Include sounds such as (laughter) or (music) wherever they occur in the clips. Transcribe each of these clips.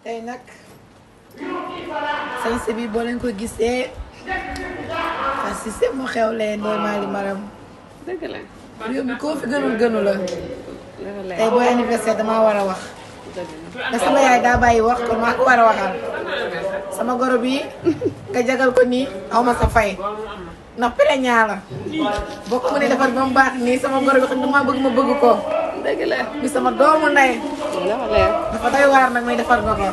tey nag sañse bi boo leen ko gisee parce que mu xew lee Ndeye Mali Maram dëgg la koo fi gënul gënu tey booy anniversaire damaa war a wax da sama yaay daa bàyyi wax kon maa ko war a waxal sama goro bi nga jagal ko nii aw ma sa fay ndax pereñaa la boo ko mënee defar ba mu baax nii sama goro bi xam ne maa bëgg ma bëgg ko dëgg sama doomu ndey dafa leer. dafa doy waar may defar nga ko.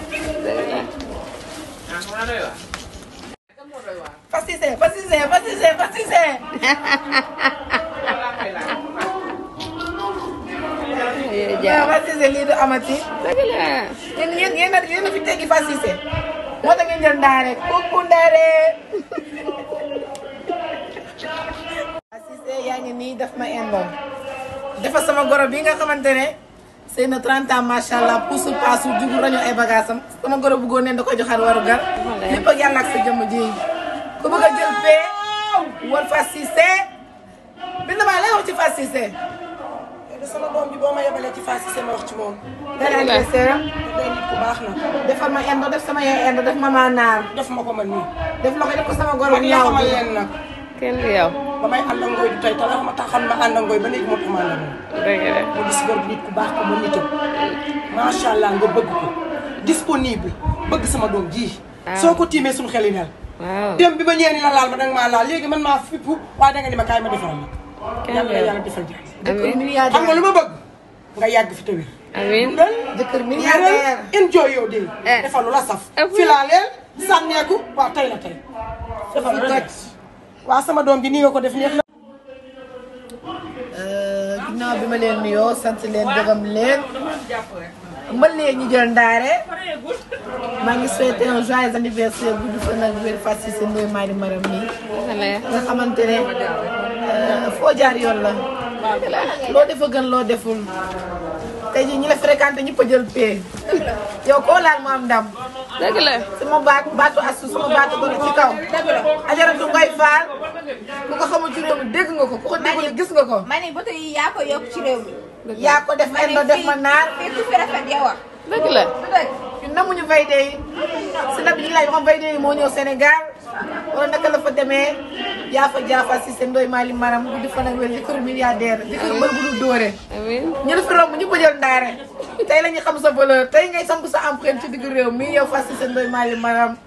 fasise fasise fasise fasise. jaa fasise lii du amati. dëgg la. a yéen a fi teggi fasise. yaa ngi nii daf ma indoom. dafa sama goro bi nga xamante ne. sëy na 30 ans macha allah pousse paasu jugul ay bagages am sama goro bu neen da koy joxaat waru gar. lépp ak yàlla ak sa ku bëgg a jël fee. war Fass Cissé. bind maa lay wax ci Fass Cissé. sama doom bi boo ma yebalee ci Fass Cissé ma wax ci moom. dana intéressé day nit ma endo def sama yaay endo def ma maa naar. def ma ko man nii. def ma ko sama goro bu ñaaw bi kenn du yow. ba may ànd ak ngooy du tey te la ma tax xam na ànd ak ngooy ba léegi moo tax ma ànd ak ngooy. dëgg la mu gis góor nit ku baax ko mën nitam. macha allah nga bëgg ko disponible bëgg sama doom ji. Ah. soo ko tiimee suñu xel yi nel. waaw dem bi ba ñeeni la laal ma danga maa laal léegi man maa fipp waaye danga ni ma kaay ma defaral la. kenn la yàlla defal jàmm. amiin xam nga lu ma bëgg nga yàgg fi tawir. amiin jëkkër milliardaire enjoy yow de. Eh. defal lu la saf. fi laa leen sànneeku waaw tey la tey. defal lu la waa sama doom bi nii nga ko def neex na. Euh, ginnaaw bi ma leen nuyoo sant leen gërëm leen mbalee ñu jël ndaare maa ngi souhaité un joyeux anniversaire gudd fan ak wér fas yi seen ndoy Marie Maram nii nga xamante ne euh, foo jaar yoon la loo defa gën loo deful tey ñi la fréquenté ñëpp a jël pee yow koo laal mu am ndam. dëgg la sama baatu baatu asu sama baatu ko ci kaw. dëgg la ajaratu Ngoye Fall ku ko xamul ci réew mi dégg nga ko ku ko déggul ko. ma ne ba tey yaa ko yokk ci réew mi. yaa ko def endo def ma naar. fii ku fi rafet yow ah. dëgg la ñun namuñu Veyde yi si nag yi laay waxoon Veyde yi moo ñëw Sénégal wala naka la fa demee jaafa jaafa si seen ndoy Maalim Maram guddi fan ak wér di kër milliardaire di kër mbër bu dul dóore. amiin ñu fi ndaare. tey la ñu xam sa valeur tey ngay samp sa empreinte ci diggu réew mi yow fas seen doy maali maram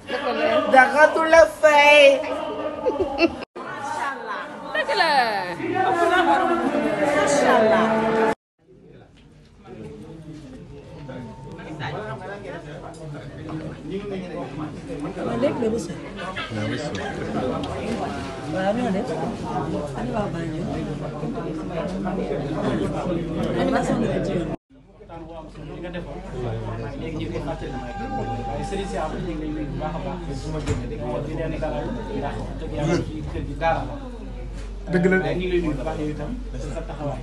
dara du nga defoon. léegi ñu ngi koy fàttali waaye sëriñ si am ñu ngi lay bu baax a baax su ma génnee dégg nga di leen dalal ndax wax dëgg yàlla ci kër gi daara la. dëgg la ñu ngi lay nuyu bu baax yow itam sa taxawaay.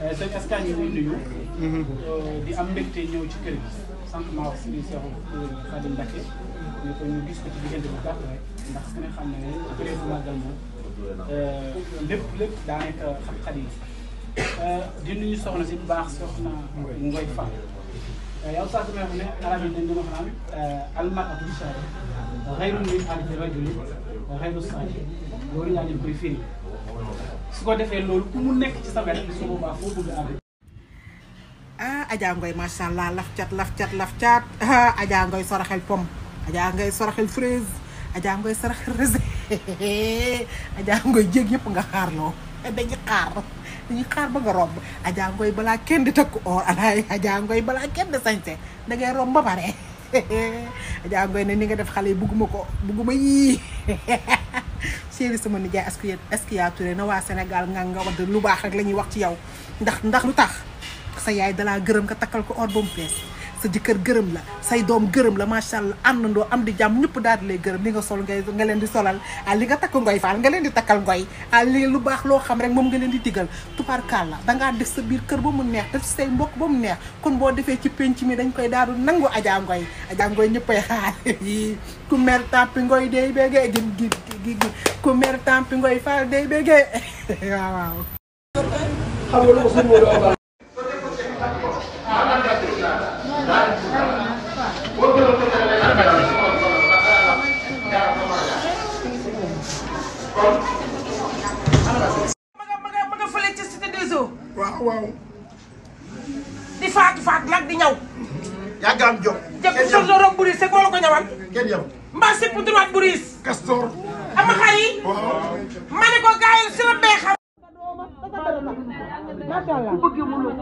Eh, sëñ Askan ñu ngi nuyu. Mm-hmm. di am mbégte ñëw ci kër gi sant maa wax sëriñ Seexu Xaadim Mbacke ñu ko ñu gis ko ci diggante bu gàtt rek ndax ku ne xam ne période màggal moom eh, lépp lépp daanaka xam-xam yi eh, di nuyu soxna si bu baax soxna Ngoy Fall Eh, yow eh, su ko defee loolu ku mu nekk ci sa wet su boobaa foo bëgg àgg. ah Adja Ngoy macha allah laf cat laf cat laf cat ah Ngoy soraxel pomme Adja Ngoy soraxel fraise Adja Ngoy soraxel raisin (laughs) Adja Ngoy jéeg yëpp nga xaarloo dañuy dañuy xaar ba nga romb Adja balaa kenn di takk or alaay balaa kenn di sañse da ngay romb ba pare (laughs) Adja Ngoye ne ni nga def xale yi bugguma ko bugguma yii (laughs) chéri sama nijaay est-ce que na waa Sénégal nga nga wax lu baax rek la ñuy wax ci yow ndax ndax lu tax sa yaay dalaa gërëm nga takkal ko or ba mu fees sa jëkkër gërëm la say doom gërëm la macha allah àndandoo am di jàmm ñëpp daal di lay gërëm li nga sol ngay nga leen di solal ah li nga takk ngoy faal nga leen di takkal ngoy ah li lu baax loo xam rek moom nga leen di diggal digal tubaarkàlla dangaa def sa biir kër ba mu neex def say mbokk ba mu neex kon boo defee ci penc mi dañ koy daal di nangu ajaa ngoy ajaa ngoy ñëppay xaar yi (laughs) ku mer tàmpi ngoy day bégee gi gi ku mer tàmpi ngoy faal day bégee (laughs) waaw waaw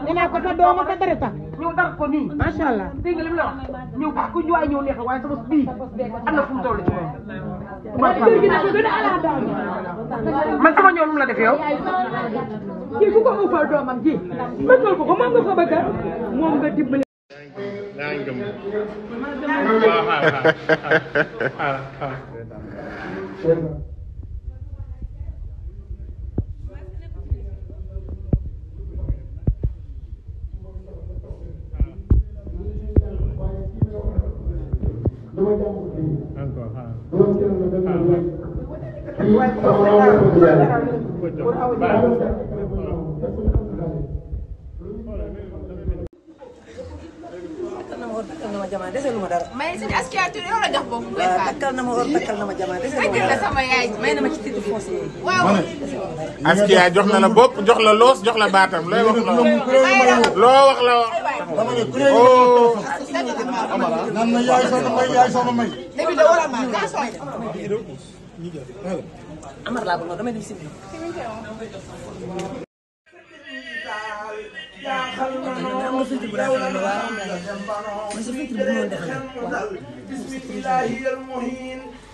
nee naa ko sa doomu sa dara tax ñëw dar ko nii macha allah dégg nga li mu la wax ñëw baax ku ñëwaay ñëw neex waaye sa bos bii am na fu mu toll ci moom man sama ñoom mu la def yow kii ku ko ëppal doomam ji bëggal ko ko moom nga ko bëgga moom nga dimbali daa ngëm waaw waaw waaw dama jàpp kii. encore waaw. dama jëloon benn benn benn. kii sama takkal na ma jamaa dese lu ma dara. may suñu la jox na jox na la bopp jox la loos jox la baatam looy wax la wax la sama filtre bu rafet la waaw am na mais sa filtre bu noonu def la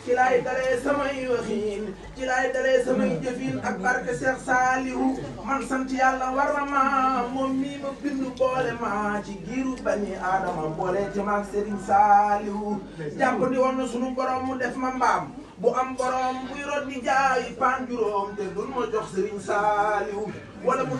ci laay dalee samay waxiin ci laay dalee samay jëfin ak barke Cheikh Salihu man sant yàlla war na ma moom mii ma bindu boole ma ci giiru bani aadama boole ci maag Serigne Salihu jàppandi woon na sunu borom mu def ma mbaam bu am borom buy rot di jaayi pan juróom te dul ma jox Serigne Salihu wala mu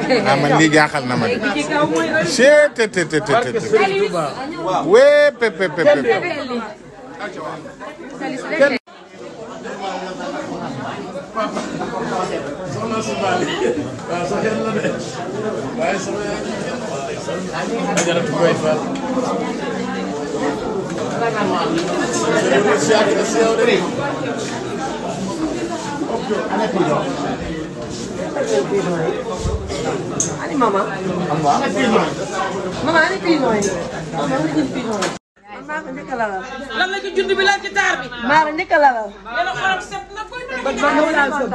ah man lii jaaxal na ma de. seet te te te te te te. wee pe pe pe pe. Ani mama? Mama? Mama ani pigeon yi. Mama ana jël pigeon yi. maa ko njëkk a lalal. lan la ci jund bi lan ci taar bi. maa ko njëkk a lalal. yéen a xorom set na koy mën a ñëw daal sëb.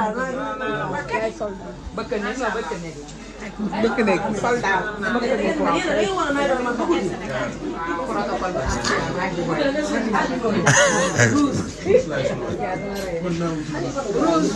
bëkk nekk la bëkk nekk. bëkk nekk soldat bëkk nekk waaw. Rose.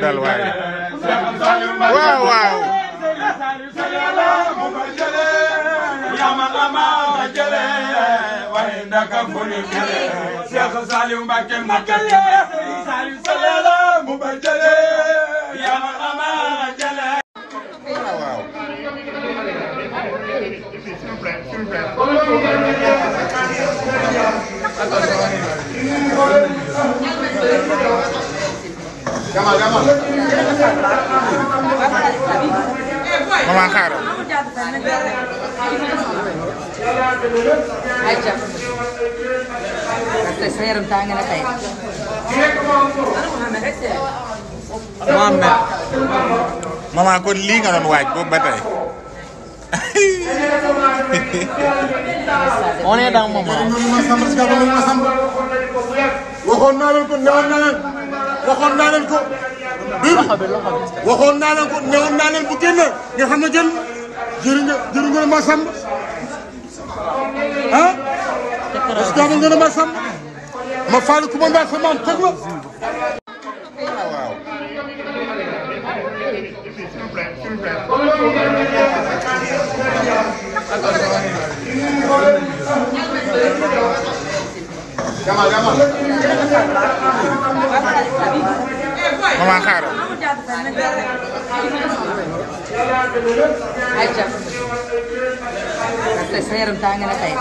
dal waaye waaw waaw ama ama jële waaye ndaka furi kele Cheikh Saliou Mbacké Mbacké Sëriñ Saliou Salala mu ba jële yama ama jële waaw Gamal gamal Mama xaar ayca tey sa yaram tàng na tey. Mohamed. maman kon lii nga doon waaj boobu ba tey. on est dans moment. waxoon naa leen ko newoon naa leen waxoon naa leen ko. waxoon naa leen ko newoon naa leen bu génn nga xam ne jël. jërë nga jërë nga ma sàmm ah. est-ce que am nga ma sàmm ma fàllu ku ma mbaa sa maam teg la. waaw. ayca tey sa yaram tàng na tey.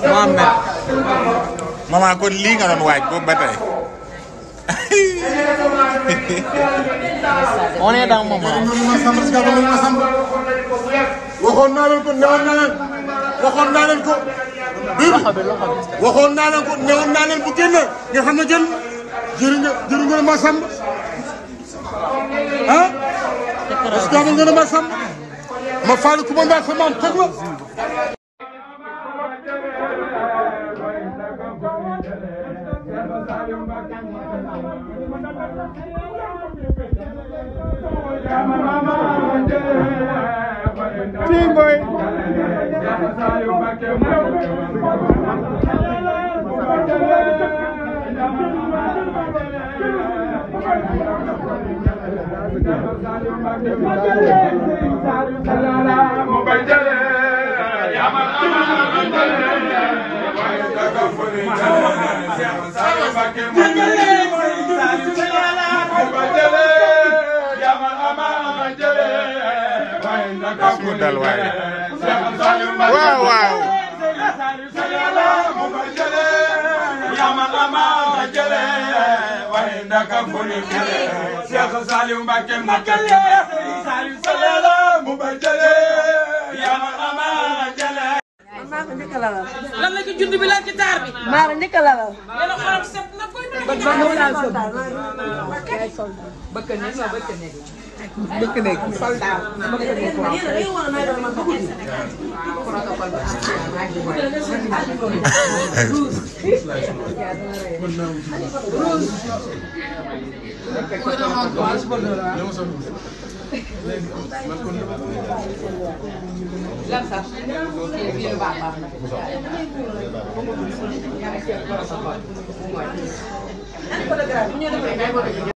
Mohamed. maman kon lii nga doon waaj boobu ba tey. on est dans moment. waxoon naa leen ko newoon naa leen waxoon naa leen ko. loxo bi loxo bi waxoon naa leen ko newoon naa leen bu génn nga xam ne jël jëriñ jëriñ ma Samba. ah parce que am ma sam ma faal ku ma mbaa ko maam tëgg waaw waaw alamaama jële waaye ndaka mboni xele Cheikh Saliou Mbacké Mbacké Saliou Salela mu ba jële yàlla amaama jële maa ko njëkk a lalal lan la ci jund bi lan ci taar bi maa ko njëkk a lalal yàlla xolam set na dëkk nekk soldat dama ko defee waaw protocole bi am na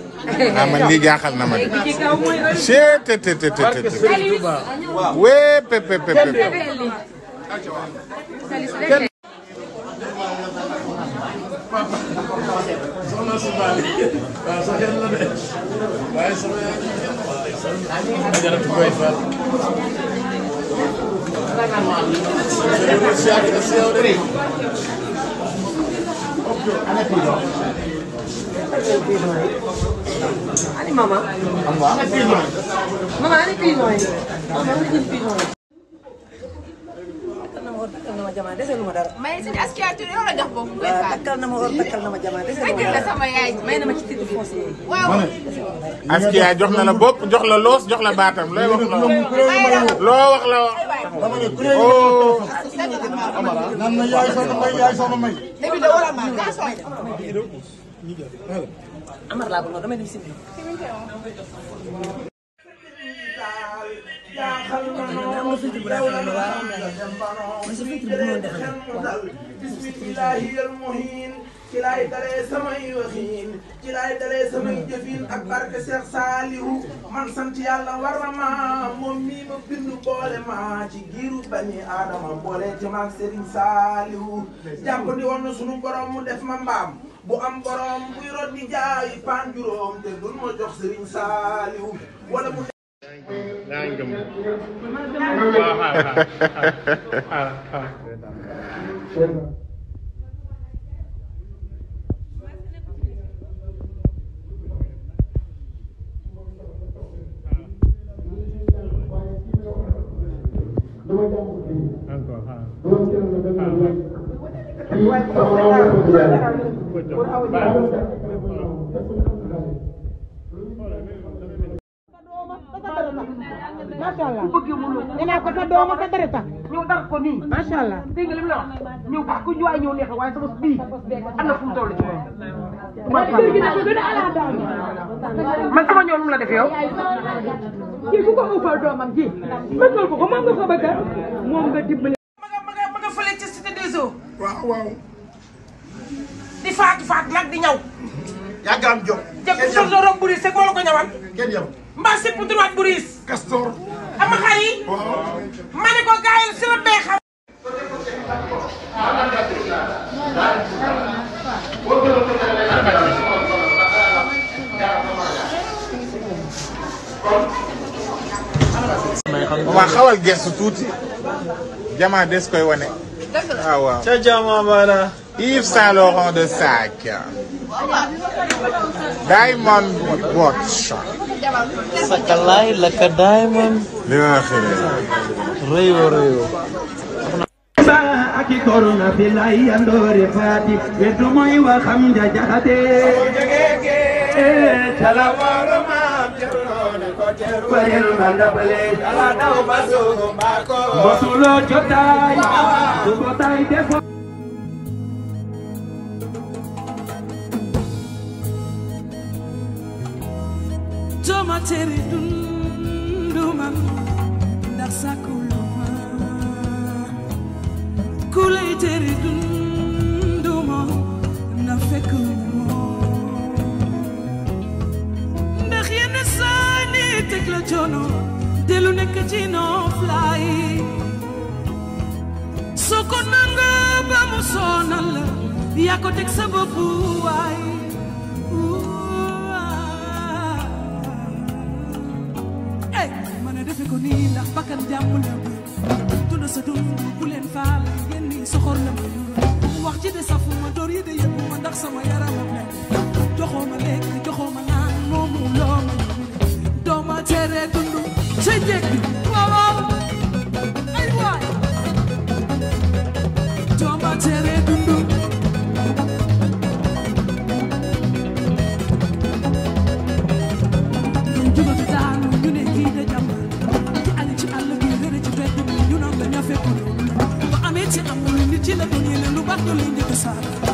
ah man lii jaaxal na ma Ani mama. ma jamaa dese ma la jox boobu. waaw ma or takkal na jox na la bopp jox la loos jox la baatam loo wax la wax. dama oh. ma ne Amar laa bëgg damay dem si biir. ci laay dalee samay waxiin ci laay dalee samay jëfin ak barke Cheikh Salihu man sant yàlla war na ma moom mii ma bindu boole ma ci giiru bani aadama boole ci maag Serigne Salihu di woon na sunu borom mu def ma mbaam bu am borom buy rod di jaayi pan juróom te dun ma jox Serigne Salihu wala mu daa ngëm waaw waaw encore macha allah ku bëggee mënoo nee naa ko sa dooma sa dara tax ñëw dar ko nii macha allah dégg nga li mu la wax ñëw baax ku ñëwaay ñëw neexee waaye sama bii am na fu mu toll ci moom man sama ñëw lu mu la def yow kii ku ko ëppal doomam ji bëggal ko ko moom nga ko bëggal moom nga dimbali ma nga ma nga ma nga fële ci cité des eaux waaw waaw di faatu faatu nag di ñaw yàgg am jom jëpp sa robe bu riis c'est ko la ko ñawal kenn yow mbaa sépp droit bu riis Castor sama xar yi ma ne ko gars yi sama bay xam waa xawal gestu tuuti jamaa des koy wane ah waaw ca jamaa bala Yves Saint Laurent de Sac Diamond Watch sakalaay la ka daay man li ma wax rëyoo rëyoo aki korona filay yandoore faati weddu moy wa xam ja jaxate calawaro e, maam jarnoone ko jeru warel mandabale ala daw basugo mbako mbosulo jotaay sugo tay defo dooma tere dunduma ndax sàkkuluma ku lay tere dunduma na fekk ndax yenn saa ni teg la jono te lu nekk ci noflaay soo ko nanga ba mu sonal la yaa ko teg sa bopp waay askan a la bëgg dund sa dund bu leen faal a ñi soxor la ma wax ci de safuma door yi de yëpp ma ndax sama yaramam sa njëkk waaw waaw ay waay doo cosaan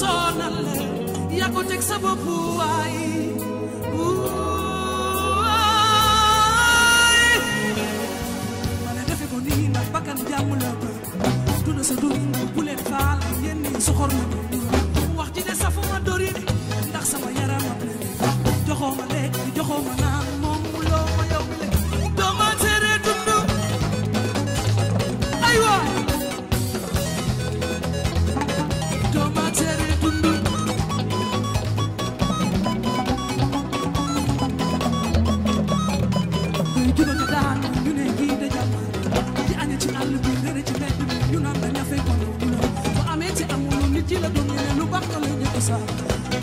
sonal yaa ko teg sa bopp waay ma ne defe ko nii ndax bakkan jàmm la bëgg duna sa dund bu faal yenn yi soxor na bari ci mbedd ñu naan la ñafe ko lu ñu la bu amee ci amuloo nit ci la doon ñu ne lu baax la ñu ko saa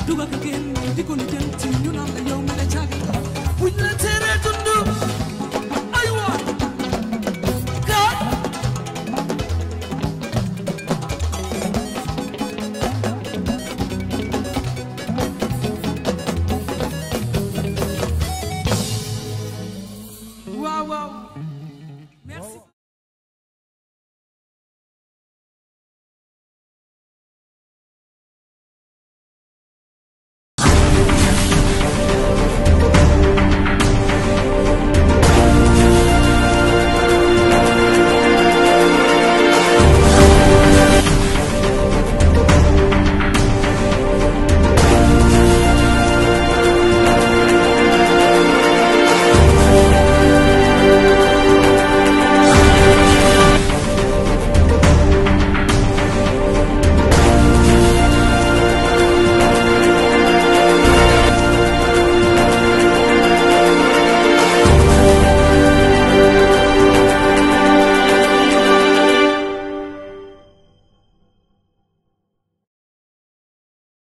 dugal ka génn di ko lijjanti ñu naan la yow nga ne caaga buñ la tere